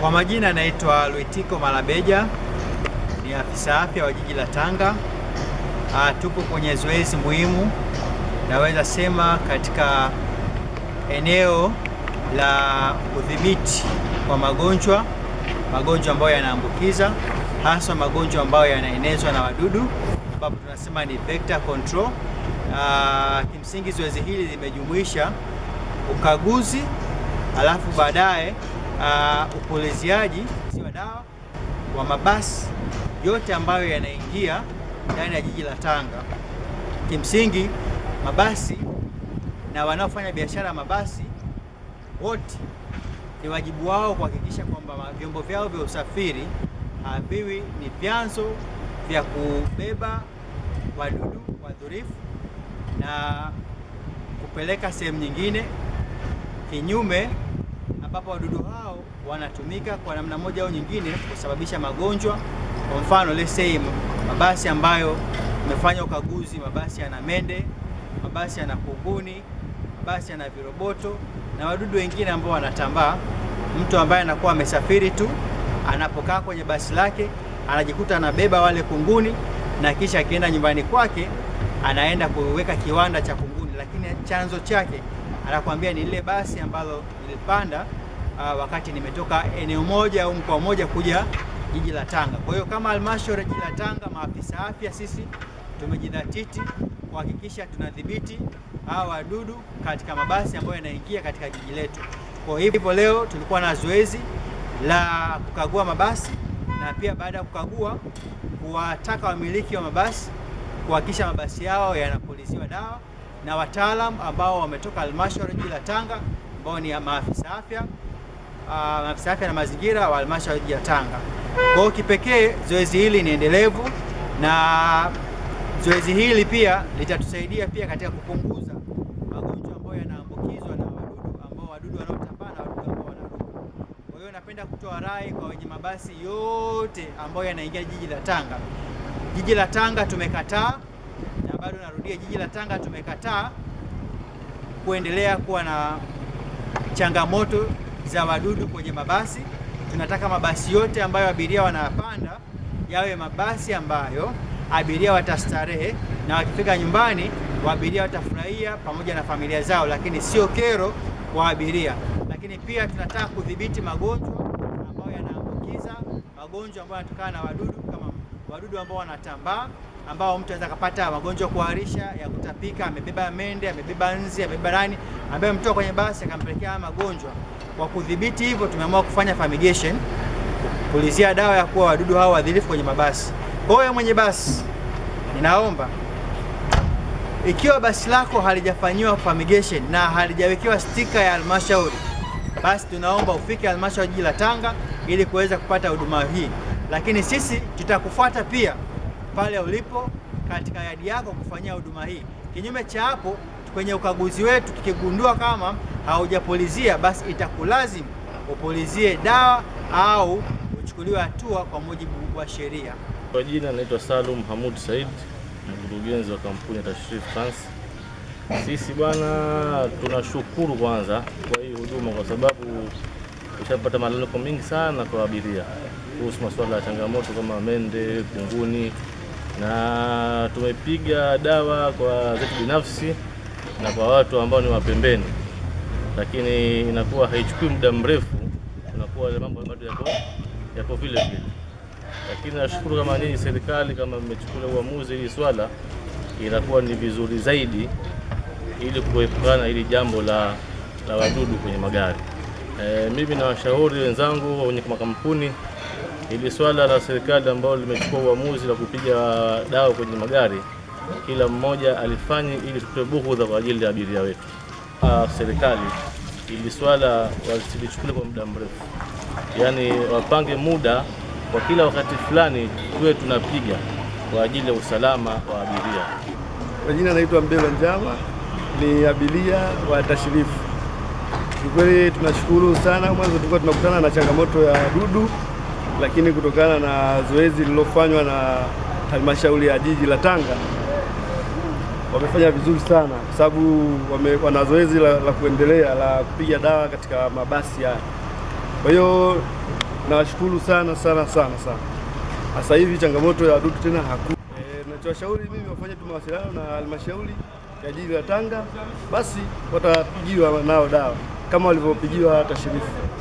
Kwa majina anaitwa Lwitiko Malabeja, ni afisa afya wa jiji la Tanga. Ah, tupo kwenye zoezi muhimu, naweza sema katika eneo la udhibiti wa magonjwa, magonjwa ambayo yanaambukiza, hasa magonjwa ambayo yanaenezwa na wadudu, ambapo tunasema ni vector control. A, ah, kimsingi zoezi hili limejumuisha ukaguzi, alafu baadaye uh, upoleziaji wa dawa wa mabasi yote ambayo yanaingia ndani ya jiji la Tanga. Kimsingi, mabasi na wanaofanya biashara ya mabasi wote ni wajibu wao kuhakikisha kwamba vyombo vyao vya usafiri haviwi ni vyanzo vya kubeba wadudu wadhurifu na kupeleka sehemu nyingine kinyume ambapo wadudu hao wanatumika kwa namna moja au nyingine kusababisha magonjwa. Kwa mfano, let's say mabasi ambayo umefanya ukaguzi, mabasi yana mende, mabasi yana kunguni, mabasi yana viroboto na wadudu wengine ambao wanatambaa. Mtu ambaye anakuwa amesafiri tu, anapokaa kwenye basi lake anajikuta anabeba wale kunguni, na kisha akienda nyumbani kwake anaenda kuweka kiwanda cha kunguni, lakini chanzo chake anakuambia ni lile basi ambalo nilipanda uh, wakati nimetoka eneo moja au mkoa mmoja kuja jiji la Tanga. Kwa hiyo kama halmashauri ya jiji la Tanga, maafisa afya, sisi tumejidhatiti kuhakikisha tunadhibiti hawa wadudu katika mabasi ambayo yanaingia katika jiji letu. Kwa hivyo leo tulikuwa na zoezi la kukagua mabasi na pia baada ya kukagua kuwataka wamiliki wa mabasi kuhakikisha mabasi yao yanapuliziwa dawa na wataalamu ambao wametoka halmashauri jiji la Tanga ambao ni maafisa afya Ah, maafisa afya na mazingira wa halmashauri ya Tanga. Kwa hiyo kipekee zoezi hili ni endelevu na zoezi hili pia litatusaidia pia katika kupunguza magonjwa ambayo yanaambukizwa na wadudu ambao wadudu wanaotambaa na wadudu ambao wanaruka. Kwa hiyo napenda kutoa rai kwa wenye mabasi yote ambayo yanaingia jiji la Tanga. Jiji la Tanga tumekataa, na bado narudia, jiji la Tanga tumekataa kuendelea kuwa na changamoto za wadudu kwenye mabasi. Tunataka mabasi yote ambayo abiria wanapanda yawe mabasi ambayo abiria watastarehe na wakifika nyumbani waabiria watafurahia pamoja na familia zao, lakini sio kero kwa abiria. Lakini pia tunataka kudhibiti magonjwa ambayo yanaambukiza, magonjwa ambayo yanatokana na wadudu kama wadudu ambao wanatambaa, ambao mtu anaweza kupata magonjwa kuharisha, ya kutapika, amebeba mende, amebeba nzi, amebeba nani, ambaye mtoa kwenye basi akampelekea magonjwa. Kwa kudhibiti hivyo, tumeamua kufanya fumigation, kupulizia dawa ya kuua wadudu hao wadhilifu kwenye mabasi. Kwa hiyo mwenye basi, ninaomba ikiwa basi lako halijafanyiwa fumigation na halijawekewa stika ya halmashauri, basi tunaomba ufike halmashauri jiji la Tanga ili kuweza kupata huduma hii, lakini sisi tutakufuata pia pale ulipo katika yadi yako kufanyia huduma hii. Kinyume cha hapo, kwenye ukaguzi wetu tukigundua kama haujapulizia, basi itakulazimu upulizie dawa au uchukuliwe hatua kwa mujibu wa sheria. Kwa jina naitwa Salum Hamud Said, mkurugenzi wa kampuni ya Tashrif France. Sisi bwana, tunashukuru kwanza kwa hii huduma, kwa sababu tushapata malalamiko mengi sana kwa abiria kuhusu masuala ya changamoto kama mende, kunguni, na tumepiga dawa kwa zetu binafsi na kwa watu ambao ni wapembeni lakini inakuwa haichukui muda mrefu, unakuwa mambo bado yako yako vile vile. Lakini nashukuru kama nini serikali kama mmechukulia uamuzi hili swala, inakuwa ni vizuri zaidi, ili kuepukana hili jambo la, la wadudu kwenye magari. E, mimi na washauri wenzangu wenye makampuni ili swala la serikali ambalo limechukua uamuzi la kupiga dawa kwenye magari, kila mmoja alifanye ili tutoe bughudha kwa ajili ya abiria wetu uh, serikali ili swala wasilichukule kwa muda mrefu, yaani wapange muda kwa kila wakati fulani tuwe tunapiga kwa ajili ya usalama wa abiria. Kwa jina naitwa Mbelwa Njama, ni abiria wa Tashirifu. Kiukweli tunashukuru sana. Mwanzo tulikuwa tunakutana na changamoto ya dudu, lakini kutokana na zoezi lililofanywa na halmashauri ya jiji la Tanga wamefanya vizuri sana kwa sababu wana zoezi la, la kuendelea la kupiga dawa katika mabasi haya. Kwa hiyo nawashukuru sana sana sana sana. Sasa hivi changamoto ya wadudu tena haku E, eh, nachowashauri mimi wafanye tu mawasiliano na halmashauri ya jiji la Tanga, basi watapigiwa nao dawa kama walivyopigiwa hata